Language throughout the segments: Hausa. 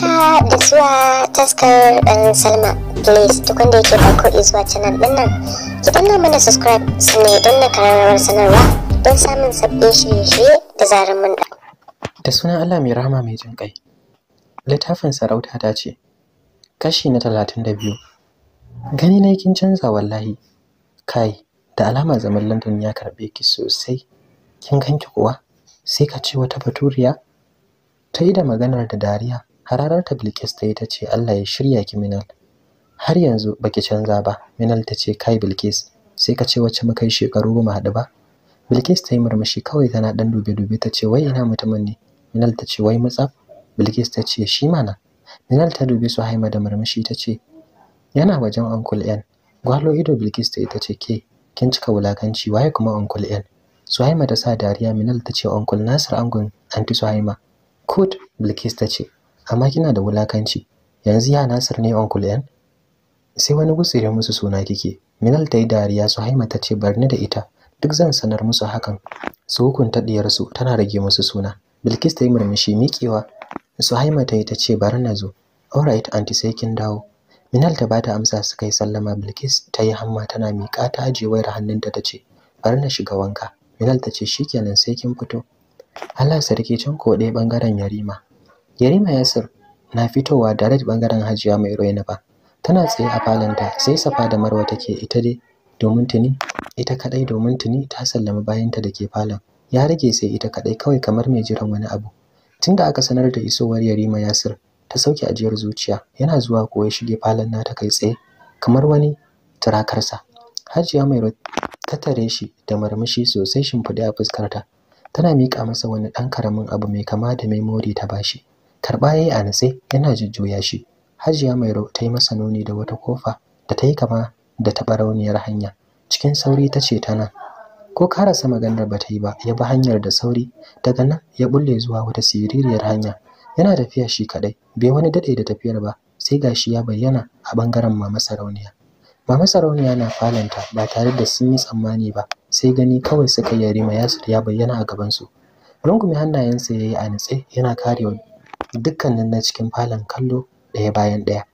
haka da zuwa taskar ɗan salma please duk wanda yake farko izuwa canal ɗin nan ki danna mana subscribe sannan don na kararrawar sanarwa don samun sabbin shirye-shirye da zarar mun da da sunan allah mai rahama mai jin kai littafin sarauta ta ce kashi na talatin da biyu gani na kin canza wallahi kai da alama zaman london ya karɓe ki sosai kin ganki kuwa sai ka ce wata baturiya ta yi da maganar da dariya kararar ta Bilkis ta yi ta ce Allah ya shirya ki Minal. Har yanzu baki canza ba. Minal ta ce kai Bilkis sai ka ce wacce muka yi shekaru goma haɗu ba. Bilkis ta yi murmushi kawai tana ɗan dube-dube ta ce wai ina mutumin ne. Minal ta ce wai matsaf. Bilkis ta ce shi mana. Minal ta dubi su haima da murmushi ta ce yana wajen Uncle N. Gwalo ido Bilkis ta yi ta ce ke kin cika wulakanci waye kuma Uncle N. Suhaima ta sa dariya Minal ta ce Uncle Nasir angon Anti Suhaima. Kut Bilkis ta ce amma kina da wulakanci yanzu ya Nasir ne uncle yan sai wani gusire musu suna kike Minal ta yi dariya su haima ta ce barni da ita duk zan sanar musu hakan su hukunta ɗiyarsu tana rage musu suna Bilkis ta yi murmushi miƙewa su haima ta yi ta ce bari na zo alright anti sai kin dawo Minal ta bata amsa suka yi sallama Bilkis ta yi hamma tana miƙa ta ajiye wayar hannunta ta ce bari na shiga wanka Minal ta ce shikenan sai kin fito Allah sarki can ko ɗaya bangaren Yarima Yarima Yasir na fitowa direct bangaren Hajiya Mai ba. Tana tsaye a falonta sai Safa da Marwa take ita dai domin tuni ita kadai domin tuni ta sallama bayanta da ke falon. Ya rage sai ita kadai kawai kamar mai jiran wani abu. Tunda aka sanar da isowar Yarima Yasir ta sauke ajiyar zuciya yana zuwa ko ya shige falon nata kai tsaye kamar wani turakarsa. Hajiya Mai ta tare shi da murmushi sosai shimfiɗe a fuskarta. Tana miƙa masa wani ɗan karamin abu mai kama da memori ta bashi. karɓa ya yi a natse yana jujjuya shi hajiya mai ta yi masa nuni da wata kofa da ta yi kama da taɓa rauniyar hanya cikin sauri ta ce tana ko karasa maganar ba ta yi ba ya bi hanyar da sauri daga nan ya bulle zuwa wata siririyar hanya yana tafiya shi kaɗai bai wani daɗe da tafiyar ba sai gashi ya bayyana a ɓangaren mama sarauniya mama sarauniya na falanta ba tare da sun yi tsammani ba sai gani kawai suka yi yarima yasir ya bayyana a gabansu Rungumi hannayensa ya yi a nitse yana karewa dukkanin na cikin falon kallo ɗaya bayan ɗaya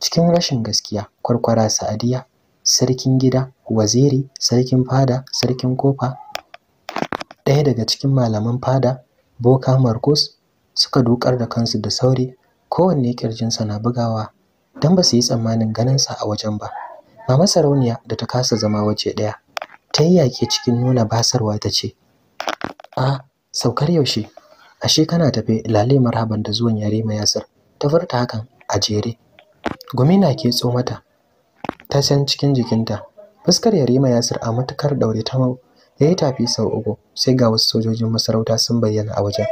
cikin rashin gaskiya kwarkwara sa'adiya sarkin gida waziri sarkin fada sarkin kofa ɗaya daga cikin malaman fada boka marcus suka dukar da kansu da sauri kowanne kirjinsa na bugawa don ba su yi tsammanin ganinsa a wajen ba mama sarauniya da ta kasa zama waje ɗaya ta yi yaƙi cikin nuna basarwa ta ce a saukar yaushe ashe kana tafe lale marhaban da zuwan yarima yasir ta furta hakan a jere gumi na ke mata ta san cikin jikinta fuskar yarima yasir a matukar daure ta mau ya yi tafi sau uku sai ga wasu sojojin masarauta sun bayyana a wajen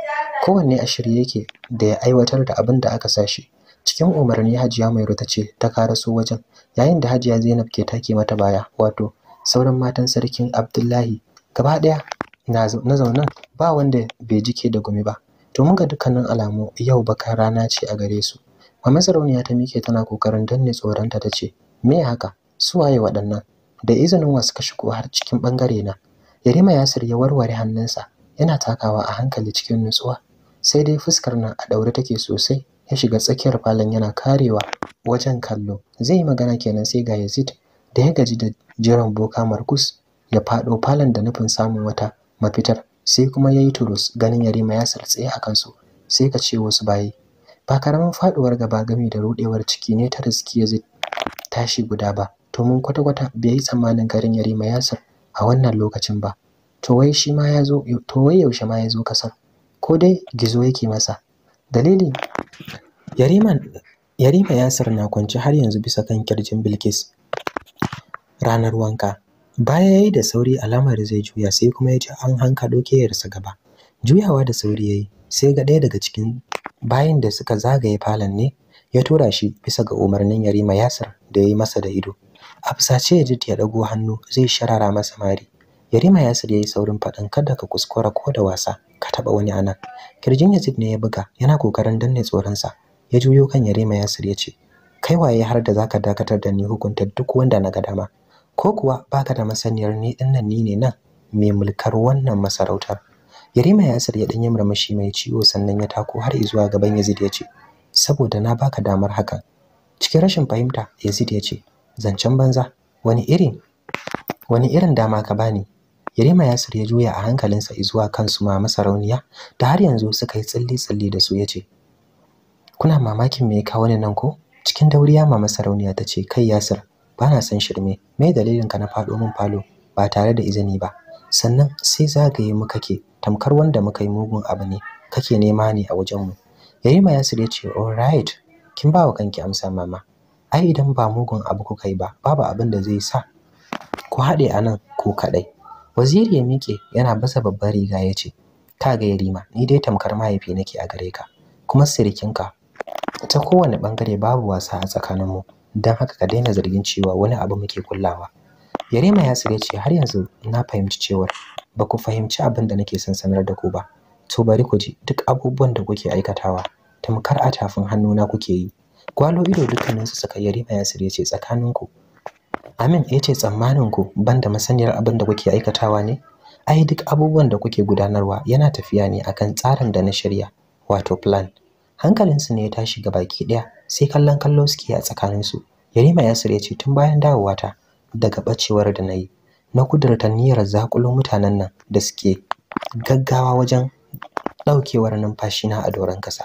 kowanne a shirye yake da ya aiwatar da abin da aka sashi cikin umarni hajiya mai ta ce ta karaso wajen yayin da hajiya zainab ke take mata baya wato sauran matan sarkin abdullahi gaba daya na zaunan ba wanda bai jike da gumi ba mun ga dukkanin alamu yau bakar rana ce a gare su mama sarauniya ta mike tana kokarin danne tsoronta ta ce me haka su waye waɗannan da izinin wasu ka shigo har cikin bangare na yarima yasir ya warware hannunsa yana takawa a hankali cikin nutsuwa sai dai fuskar nan a daure take sosai ya shiga tsakiyar falon yana karewa wajen kallo zai yi magana kenan sai ga yazid da ya gaji da jiran boka markus ya faɗo falon da nufin samun wata mafitar sai kuma ya yi turus ganin yarima ya sartsaye a kansu sai ka ce wasu bayi ba karamin faduwar gaba gami da rudewar ciki ne ta riski ya tashi guda ba to mun kwata-kwata bai yi tsammanin garin yarima ya sar a wannan lokacin ba to wai shi ma ya to wai yaushe ma ya zo kasar ko dai gizo yake masa dalili yariman yarima sar na kwance har yanzu bisa kan kirjin bilkis ranar wanka Baya ya yi da sauri alamar zai juya sai kuma ya ji an hanka keyarsa gaba. Juyawa da sauri ya yi sai ga ɗaya daga cikin bayin da suka zagaye falon ne ya tura shi bisa ga umarnin Yarima Yasir da ya yi masa da ido. A fusace Yazid ya ɗago hannu zai sharara masa mari. Yarima Yasir ya yi saurin faɗin kada ka kuskura ko da wasa ka taɓa wani anan. Kirjin Yazid ne ya buga yana kokarin danne tsoronsa. Ya juyo kan Yarima Yasir ya ce, Kai waye har da zaka dakatar da ni hukunta duk wanda na ga dama. ko kuwa baka da masaniyar ni nan ni ne nan mai mulkar wannan masarautar Yarima Yasir ya yi murmushi mai ciwo sannan ya tako har zuwa gaban Yazid ya ce, "Saboda na baka damar hakan." Cikin rashin fahimta, Yazid ya ce, "Zancen banza, wani irin wani irin dama ka bani?" Yarima Yasir ya juya a hankalinsa zuwa kansu ma masarauniya da har yanzu suka yi tsalle-tsalle da su ya ce, "Kuna mamakin me ya kawo ni nan ko?" Cikin dauriya mama sarauniya ta ce, "Kai Yasir, bana na son shirme me dalilin ka na faɗo min falo ba tare da izini ba sannan sai zagaye mu kake tamkar wanda muka yi mugun abu ne kake nema ne a wajen mu yarima ya sire ce all right kin ba wa kanki amsa mama ai idan ba mugun abu kuka yi ba babu abin da zai sa ku haɗe a nan ku kaɗai waziri ya miƙe yana basa babbar riga ya ce ka ga yarima ni dai tamkar mahaifi nake a gare ka kuma sirikinka ta kowane bangare babu wasa a tsakaninmu don haka ka daina zargin cewa wani abu muke kullawa yarima ya ya ce har yanzu na fahimci cewar ba ku fahimci abin da nake son sanar da ku ba to bari ku ji duk abubuwan da kuke aikatawa tamkar a tafin hannuna kuke yi gwalo ido dukkaninsu suka yarima ya ya ce tsakaninku amin ya ce tsammanin ban da masaniyar abin da kuke aikatawa ne ai duk abubuwan da kuke gudanarwa yana tafiya ne akan tsarin da na shirya wato plan hankalinsu ne ya tashi ga baki ɗaya sai kallon kallo suke a tsakaninsu yarima yasir ya ce tun bayan dawowa ta daga ɓacewar da na yi na kudurta niyyar zakulo mutanen nan da suke gaggawa wajen ɗaukewar numfashina a doron ƙasa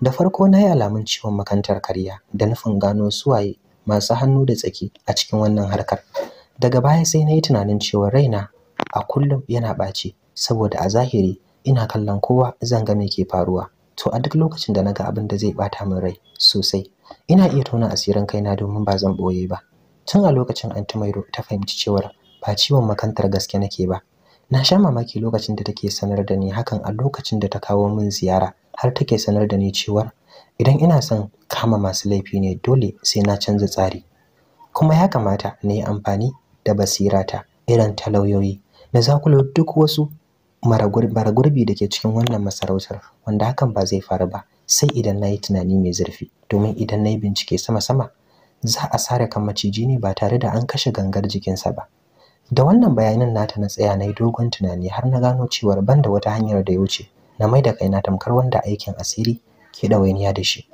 da farko na yi alamun ciwon makantar karya da nufin gano suwaye masu hannu da tsaki a cikin wannan harkar daga baya sai na yi tunanin cewa raina a kullum yana ɓace, saboda a zahiri ina kallon kowa zan ga me ke faruwa to a duk lokacin da naga abin da zai bata min rai sosai ina iya tona asirin kaina domin ba zan boye ba tun a lokacin anti mairo ta fahimci cewar ba ciwon makantar gaske nake ba na sha mamaki lokacin da take sanar da ni hakan a lokacin da ta kawo min ziyara har take sanar da ni cewar idan ina son kama masu laifi ne dole sai na canza tsari kuma ya kamata na yi amfani da basirata irin talauyoyi na zakulo duk wasu mara gurbi da ke cikin wannan masarautar wanda hakan ba zai faru ba sai idan na yi tunani mai zurfi domin idan na yi bincike sama-sama za a sare kan maciji ne ba tare da an kashe gangar jikinsa ba da wannan bayanan nata na tsaya na yi dogon tunani har na gano cewar ban da wata hanyar da ya wuce na mai da kaina tamkar wanda aikin asiri ke ɗawainiya da shi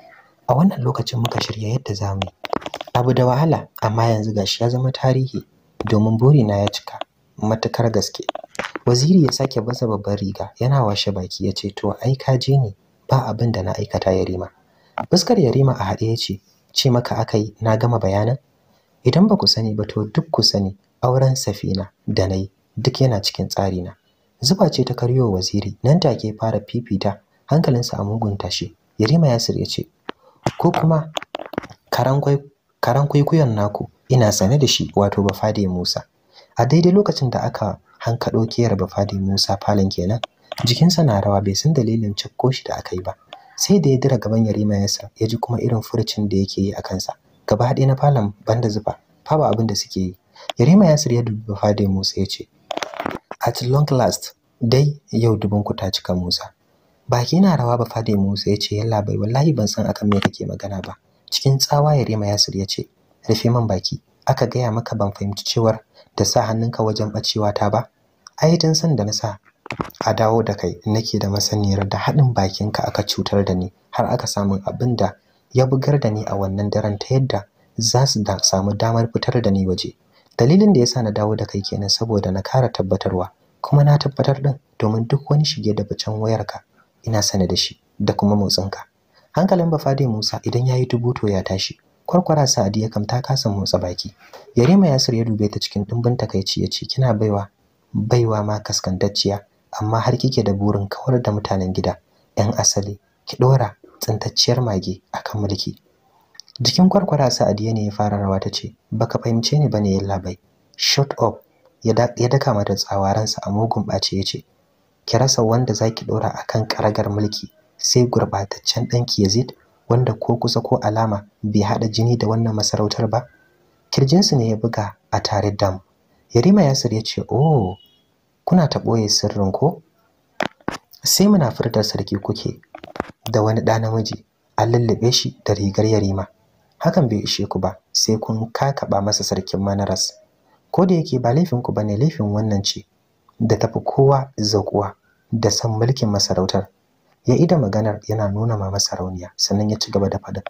a wannan lokacin muka shirya yadda za mu yi abu da wahala amma yanzu gashi ya zama tarihi domin burina ya cika matukar gaske Waziri ya sake baza babbar riga yana washe baki ya ce to ai ka je ne ba abin da na aikata Yarima. Fuskar Yarima a haɗe ya ce ce maka aka yi na gama bayanan? Idan ba ku sani ba to duk ku sani auren Safina da na yi duk yana cikin tsari na. Zuba ce ta karyo waziri nan take fara fifita hankalinsa a mugun tashi. Yarima ya ya ce ko kuma karan kwaikwayon naku ina sane da shi wato Bafade Musa. A daidai lokacin da aka kaɗo kiyar fadin Musa Falon kenan jikinsa na rawa bai san dalilin cakko shi da aka yi ba sai da ya dira gaban Yarima yasa ya ji kuma irin furucin da yake yi a kansa gaba ɗaya na Falon banda zuba ba abin da suke yi Yarima Yasir ya dubi fadin Musa ya ce at long last dai yau dubin ku ta cika Musa baki na rawa ba fadin Musa ya ce yalla bai wallahi ban san akan me kake magana ba cikin tsawa Yarima Yasir ya ce rufe man baki aka gaya maka ban fahimci cewar da sa hannunka wajen bacewa ta ba ai dan san da na sa a dawo da kai nake da masaniyar da haɗin ka aka cutar da ni har aka samu abin da ya bugar da ni a wannan daren ta yadda za su da samu damar fitar da ni waje dalilin da yasa na dawo da kai kenan saboda na kara tabbatarwa kuma na tabbatar din domin duk wani shige da bacen wayarka ina sane da shi da kuma motsin ka. hankalin bafade Musa idan yayi tubuto ya tashi kwarkwara Sa'adi ya kamta kasa motsa baki Yarima Yasir ya dube ta cikin dumbin takaici ya ce kina baiwa baiwa ma kaskantacciya amma har kike da burin kawar da mutanen gida yan asali ki dora tsintacciyar mage akan mulki jikin kwarkwara sa'adiya ne ya fara rawa ta ce baka fahimce ni bane yalla bai shut up ya daka mata tsawaransa a mugun ɓace ya ce ki rasa wanda za ki ɗora a kan karagar mulki sai gurbataccen ɗanki Yazid wanda ko kusa ko alama bai haɗa jini da wannan masarautar ba kirjinsu ne ya buga a tare dam Yarima Yasir ya ce, "Oh, kuna ta ɓoye sirrin ko sai muna furtar sarki kuke da wani ɗa namiji an lullube shi da rigar yarima hakan bai ishe ku ba sai kun kakaɓa masa sarkin manaras ko da yake ba laifinku ba ne laifin wannan ce da tafi kowa zaƙuwa da san mulkin masarautar ya ida maganar yana nuna ma masarauniya sannan ya ci gaba da faɗa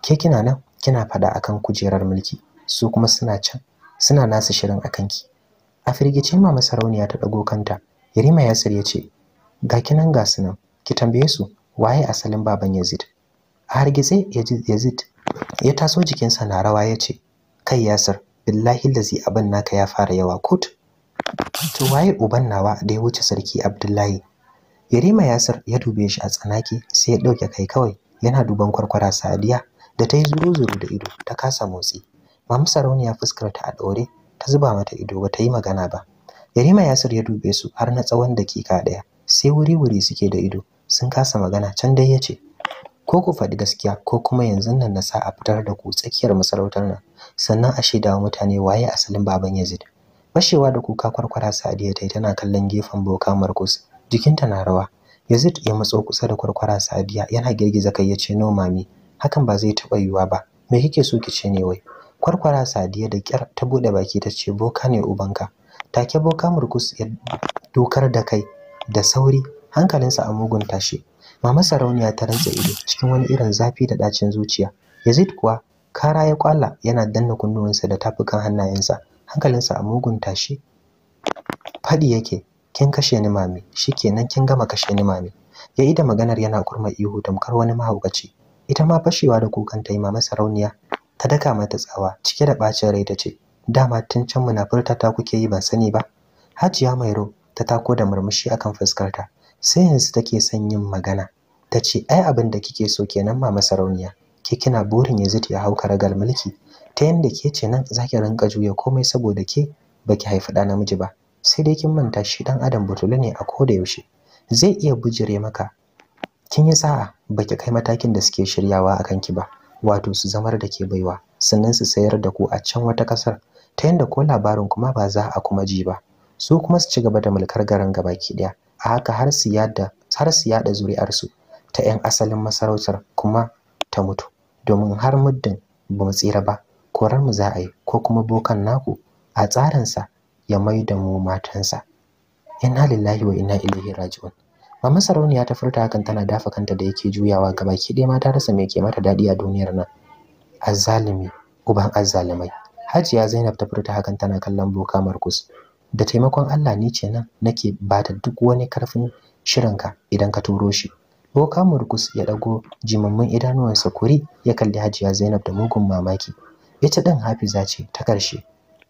ke kina nan kina faɗa akan kujerar mulki su kuma suna can suna nasu shirin akan ki a firgice mama sarauniya ta ɗago kanta yarima yasir ya ce ga kinan ga su nan ki tambaye su waye asalin baban yazid a hargitse yazid ya taso jikinsa na rawa ya ce kai yasir billahi lazi abin naka ya fara yawa kut to waye uban nawa da ya wuce sarki abdullahi yarima yasir ya dube shi a tsanaki sai ya ɗauke kai kawai yana duban kwarkwara sadiya da ta yi zuru-zuru da ido ta kasa motsi mama sarauniya fuskar ta a ɗore ta zuba mata ido ba ta yi magana ba yarima yasir ya dube su har na tsawon dakika ɗaya sai wuri-wuri suke da ido sun kasa magana can dai yace ko ku faɗi gaskiya ko kuma yanzu nan na sa a fitar da ku tsakiyar masarautar nan sannan a shaida wa mutane waye asalin baban yazid fashewa da kuka kwarkwara sadiya ta yi tana kallon gefen boka markus jikinta na rawa yazid ya matso kusa da kwarkwara sadiya yana girgiza kai ya no mami hakan ba zai taɓa yiwuwa ba me kike so ki ce ne wai kwarkwara sadiya da kyar ta buɗe baki ta ce boka ne ubanka take boka murkus ya dokar da kai da sauri hankalinsa a mugun tashi mama sarauniya ta rantsa ido cikin wani irin zafi da ɗacin zuciya yazid kuwa kara ya kwala yana danna kunnuwansa da tafukan hannayensa hankalinsa a mugun tashi faɗi yake kin kashe ni mami shikenan kin gama kashe ni mami ya ida maganar yana kurma ihu tamkar wani mahaukaci ita ma fashewa da kukan ta yi mama sarauniya ta daka mata tsawa cike da bacin rai ta ce dama tun can munafurta ta kuke yi ban sani ba hajiya mairo ta tako da murmushi akan fuskarta sai yanzu take son yin magana ta ce ai abin da kike so kenan mama sarauniya ke kina burin yanzu ya hau karagal mulki ta yanda ke ce nan zaki rinka juya komai saboda ke baki haifi ɗa namiji ba sai dai kin manta shi ɗan adam butulu ne a koda yaushe zai iya bujire maka kin yi sa'a baki kai matakin da suke shiryawa akan ki ba wato su zamar da ke baiwa sannan su sayar da ku a can wata kasar ta yadda ko labarin kuma ba za a kuma ji ba su kuma su ci gaba da mulkar garin gaba ki daya a haka har su yada zuri'arsu ta 'yan asalin masarautar kuma ta mutu domin har muddin ba mu tsira ba korar mu za a yi ko kuma bokan naku a tsarinsa ya mai da mu matansa inna lillahi wa inna ilaihi raji'un Mama Sarauniya ta furta hakan tana dafa kanta da yake juyawa ga baki dai mata rasa me ke mata daɗi a duniyar nan. Azzalumi, uban azzalimai. Hajiya Zainab ta furta hakan tana kallon Boka Markus. Da taimakon Allah ni ce nan nake ba ta duk wani karfin shirinka idan ka turo shi. Boka Markus ya ɗago jimammun idanuwansa kuri ya kalli Hajiya Zainab da mugun mamaki. Ita ɗin Hafiza ce ta karshe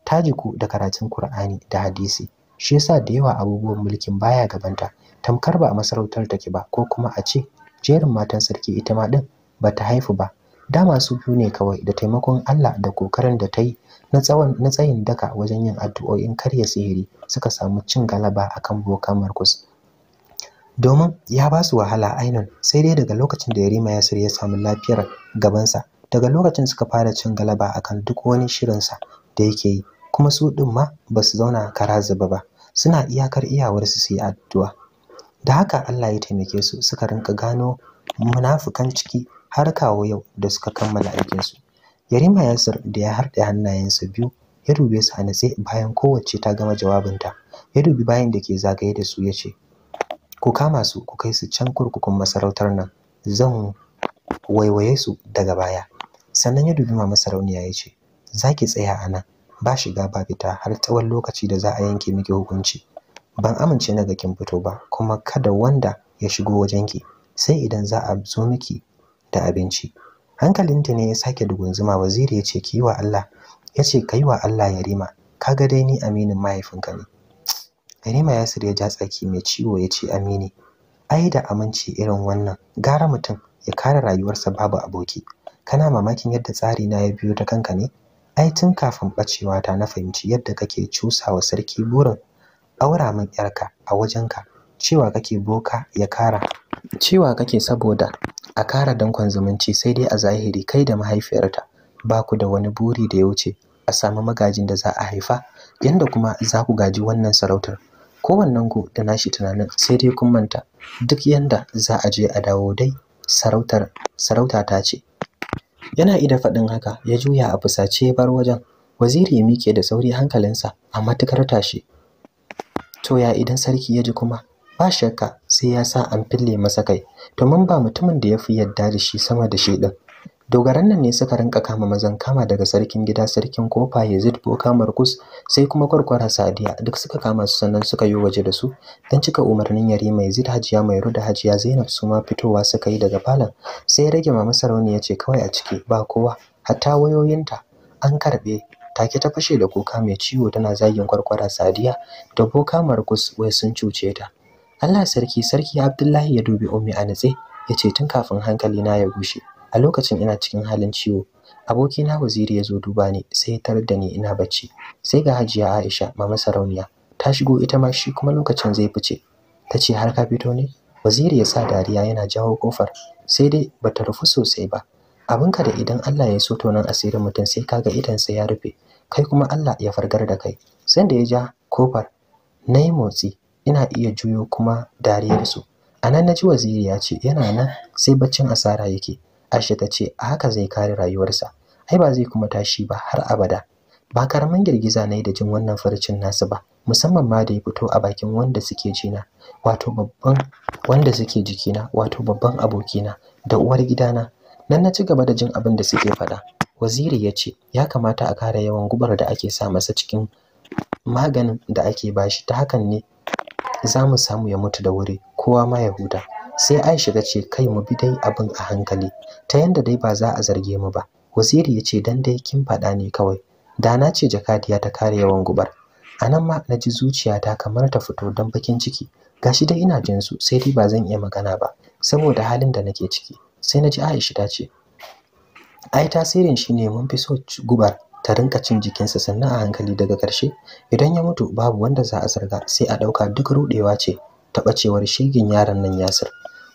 Ta jiku da karatun Kur'ani da hadisi. Shi yasa da yawa abubuwan mulkin baya gabanta. tamkar ba a masarautar take ba ko kuma a ce jerin matan sarki ita ma din ba ta haifu ba Da masu biyu ne kawai da taimakon Allah da kokarin da ta yi na tsawon na tsayin daka wajen yin addu'o'in karya sihiri suka samu cin galaba akan boka Markus domin ya ba su wahala ainun sai dai daga lokacin da Yarima ya ya samu lafiyar gabansa daga lokacin suka fara cin galaba akan duk wani shirinsa da yake yi kuma su ɗin ma ba su zauna kara zuba ba suna iyakar iyawarsu su yi addu'a da haka Allah ya taimake su suka rinka gano munafukan ciki har kawo yau da suka kammala aikinsu yarima yasir da ya harɗe hannayensa biyu ya dube su a natse bayan kowacce ta gama jawabinta ya dubi bayan da ke zagaye da su ya ce ku kama su ku kai su can kurkukun masarautar nan zan waiwaye su daga baya sannan ya dubi mama sarauniya ya ce za ki tsaya a nan ba shiga ba fita har tsawon lokaci da za a yanke miki hukunci ban amince na ga kin fito ba kuma kada wanda ya shigo wajen ki, sai idan za a zo miki da abinci hankalinta ne ya sake dugunzuma waziri ya ce ki wa Allah ya ce kaiwa wa Allah yarima kaga dai ni aminin mahaifinka ne yarima ya ya ja tsaki mai ciwo ya ce amini ai da aminci irin wannan gara mutum ya kare rayuwarsa babu aboki kana mamakin yadda tsari na ya biyo ta kanka ne ai tun kafin bacewa ta na fahimci yadda kake cusawa sarki burin aura min yarka a wajenka cewa kake boka ya kara cewa kake saboda a kara dankon zumunci sai dai a zahiri kai da mahaifiyarta ba ku da wani buri da ya wuce a samu magajin da za a haifa yanda kuma za ku gaji wannan sarautar kowannen ku da nashi tunanin sai dai kun manta duk yanda za a je a dawo dai sarautar sarauta ta ce yana ida faɗin haka ya juya a fusace bar wajen waziri ya miƙe da sauri hankalinsa a matuƙar tashi to ya idan sarki ya ji kuma ba shakka sai ya sa an fille masa kai domin ba mutumin da ya fi yadda da shi sama da shi din dogaran nan ne suka rinka kama mazan kama daga sarkin gida sarkin kofa yazid boka markus sai kuma kwarkwara sadiya duk suka kama su sannan suka yi waje da su don cika umarnin yari mai zid hajiya mai ruda hajiya zainab su ma fitowa suka yi daga falon sai rage mama sarauniya ce kawai a ciki ba kowa hatta wayoyinta an karɓe take ta fashe da kuka mai ciwo tana zagin kwarkwara sadiya da boka markus wai sun cuce ta allah sarki sarki abdullahi ya dubi ummi a Nitse, ya ce tun kafin hankali na ya gushe a lokacin ina cikin halin ciwo abokina waziri ya zo duba ni sai ya tarar da ni ina bacci sai ga hajiya aisha mama sarauniya ta shigo ita ma shi kuma lokacin zai fice ta ce har ka fito ne waziri ya sa dariya yana jawo kofar sai dai bata rufu sosai ba abinka da idan Allah ya so nan asirin mutum sai kaga sa ya rufe kai kuma Allah ya fargar da kai sanda ya ja kofar na yi motsi ina iya juyo kuma dariyar su a nan na ji waziri ya ce yana nan sai baccin asara yake aisha ta ce a haka zai kare rayuwarsa ai ba zai kuma tashi ba har abada ba karaman girgiza na yi da jin wannan farcin nasu ba musamman ma da ya fito a bakin wanda suke jina wato babban wanda suke jikina wato babban abokina da uwar gidana nan na ci gaba da jin abin da suke faɗa waziri ya ce ya kamata a kare yawan gubar da ake sa masa cikin maganin da ake bashi ta hakan ne za mu samu ya mutu da wuri kowa ma ya huta sai aisha ta ce kai mu bi dai abin a hankali ta yanda dai ba za a zarge mu ba waziri ya ce dan dai kin faɗa ne kawai da na ce jakadiya ta kare yawan gubar a nan ma na ji zuciyata kamar ta fito don bakin ciki gashi dai ina jin su sai dai ba zan iya magana ba saboda halin da nake ciki sai na ji Aisha ta ce ai tasirin shi ne mun fi so gubar ta rinka cin jikinsa sannan a hankali daga ƙarshe idan ya mutu babu wanda za a zarga sai a ɗauka duk ruɗewa ce ta ɓacewar shigin yaron nan Yasir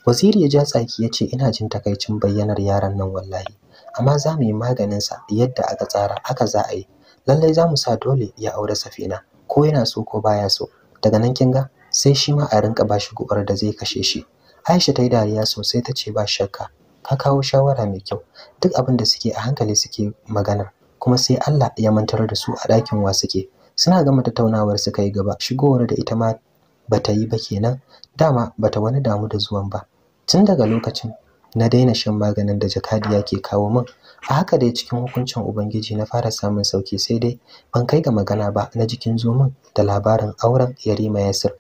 Waziri ya ja tsaki ya ce ina jin takaicin bayyanar yaron nan wallahi amma za mu yi maganinsa yadda aka tsara aka za a yi lallai za mu sa dole ya aure safina ko yana so ko baya so daga nan kin ga sai shi ma a rinka bashi shi gubar da zai kashe shi Aisha ta yi dariya sosai ta ce ba shakka ka kawo shawara mai kyau duk abin da suke a hankali suke maganar kuma sai Allah ya mantar da su a ɗakin wa suke suna gama tattaunawar suka yi gaba shigowar da ita ma bata yi ba kenan dama bata wani damu da zuwan ba tun daga lokacin na daina shan maganin da ya ke kawo min a haka dai cikin hukuncin ubangiji na fara samun sauki sai dai ban kai ga magana ba na jikin zomin da labarin auren yarima yasir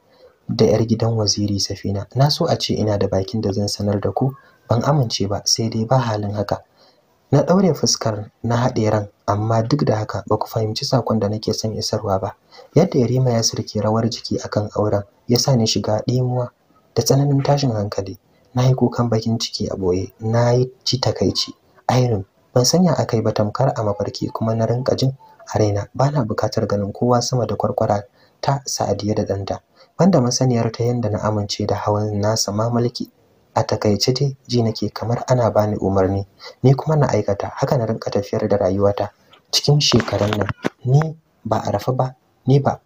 da yar gidan waziri safina na so a ce ina da bakin da zan sanar da ku ban amince ba sai dai ba halin haka na ɗaure fuskar na haɗe ran amma duk da haka ba ku fahimci sakon da nake son isarwa ba yadda yarima ya sirke rawar jiki akan auren ya sa ni shiga ɗimuwa da tsananin tashin hankali na yi kukan bakin ciki a boye na yi ci takaici irin ban sanya a kai ba tamkar a mafarki kuma na rinka jin a raina ba buƙatar ganin kowa sama da kwarkwara ta Sadiya da ɗanta banda masaniyar ta yanda na amince da hawan nasa mamalki a takaice dai ji nake kamar ana bani umarni ni kuma na aikata haka na rinka tafiyar da rayuwata cikin shekarun nan ni ba a rafa ba ni ba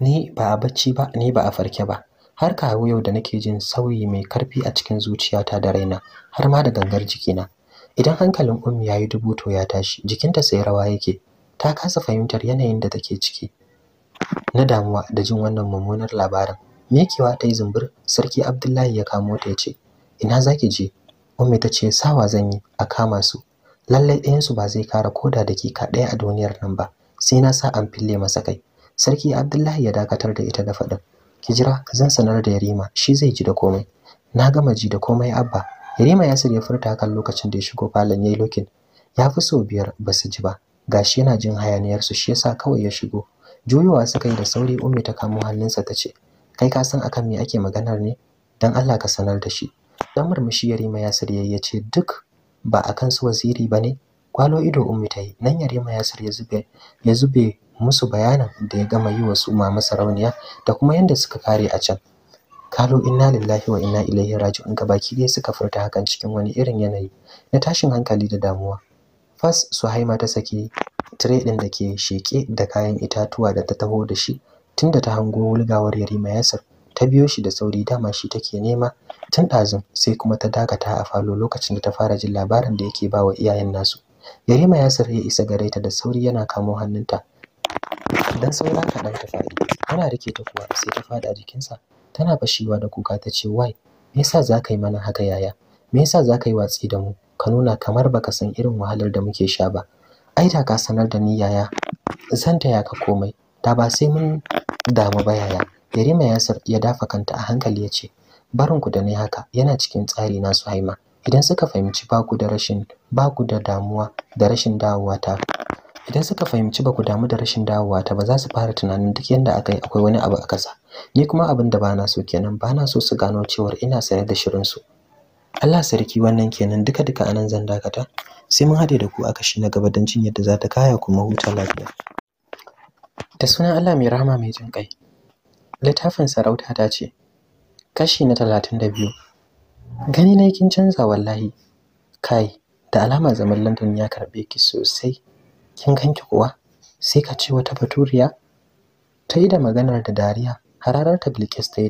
ni ba a bacci ba ni ba a farke ba har kawo yau da nake jin sauyi mai karfi a cikin zuciyata da raina har ma da gangar jikina idan hankalin ummi yayi dubu to ya tashi jikinta sai rawa yake ta kasa fahimtar yanayin da take ciki na damuwa da jin wannan mummunar labarin mekewa ta yi zumbur sarki abdullahi ya kamo ta ya ce ina zaki je ummi ta ce sawa zan yi a kama su lallai su ba zai kara koda dakika ɗaya a duniyar nan ba sai na sa an fille masa kai sarki abdullahi ya dakatar da ita da faɗin ki jira zan sanar da yarima shi zai ji da komai na gama ji da komai abba yarima ya sirya furta kan lokacin da ya shigo falon yayi lokin ya fi so biyar ba su ji ba gashi yana jin hayaniyar su shi yasa kawai ya shigo juyowa suka yi da sauri ummi ta kamo hannunsa ta ce kai ka san akan me ake maganar ne dan Allah ka sanar da shi dan murmushi Yarima Yasir yayi ya ce duk ba a kansu waziri ba ne kwalo ido ummi ta yi nan Yarima Yasir ya zube ya zube musu bayanin da ya gama yi wa su mama sarauniya da kuma yadda suka kare a can kalu inna lillahi wa inna ilaihi raji'un gabaki ɗaya suka furta hakan cikin wani irin yanayi na tashin hankali da damuwa fas suhaima ta saki tire ɗin da ke sheke da kayan itatuwa da ta taho da shi tunda ta hango wulgawar yarima yasir ta biyo shi da sauri dama shi take nema tun ɗazun sai kuma ta dakata a falo lokacin da ta fara jin labarin da yake ba wa iyayen nasu yarima yasir ya isa gare ta da sauri yana kamo hannunta dan saura kaɗan ta faɗi ana rike ta kuwa sai ta faɗa jikinsa tana fashewa da kuka ta ce wai me yasa za ka yi mana haka yaya me yasa za ka yi watsi da mu ka nuna kamar baka san irin wahalar da muke sha ba ai da ka sanar da ni yaya zan taya ka komai da ba sai mun damu ba yaya Yarima Yasir ya dafa kanta a hankali ya ce, barin ku da ni haka yana cikin tsari na Suhaima. Idan suka fahimci ba ku da rashin ba ku da damuwa da rashin dawowa ta. Idan suka fahimci ba ku damu da rashin dawowa ta ba za su fara tunanin duk yanda aka yi akwai wani abu a ƙasa. Ni kuma abin da bana so kenan bana so su gano cewar ina sayar da shirin su. Allah sarki wannan kenan duka duka anan zan dakata. Sai mun haɗe da ku aka shi na gaba don jin yadda za ta kaya kuma huta lafiya. Da sunan Allah mai rahama mai jin ƙai. littafin sarauta ta ce kashi na talatin da biyu gani na kin canza wallahi kai da alama zaman london ya karbe ki sosai kin ganki kuwa sai ka ce wata baturiya ta yi da maganar da dariya hararar ta bilkis ta yi